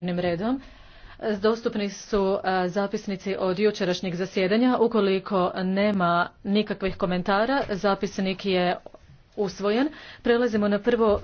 redom dostupni su e, zapisnici od jučerašnjeg zasjedanja. Ukoliko nema nikakvih komentara, zapisnik je usvojen. Prelazimo na prvo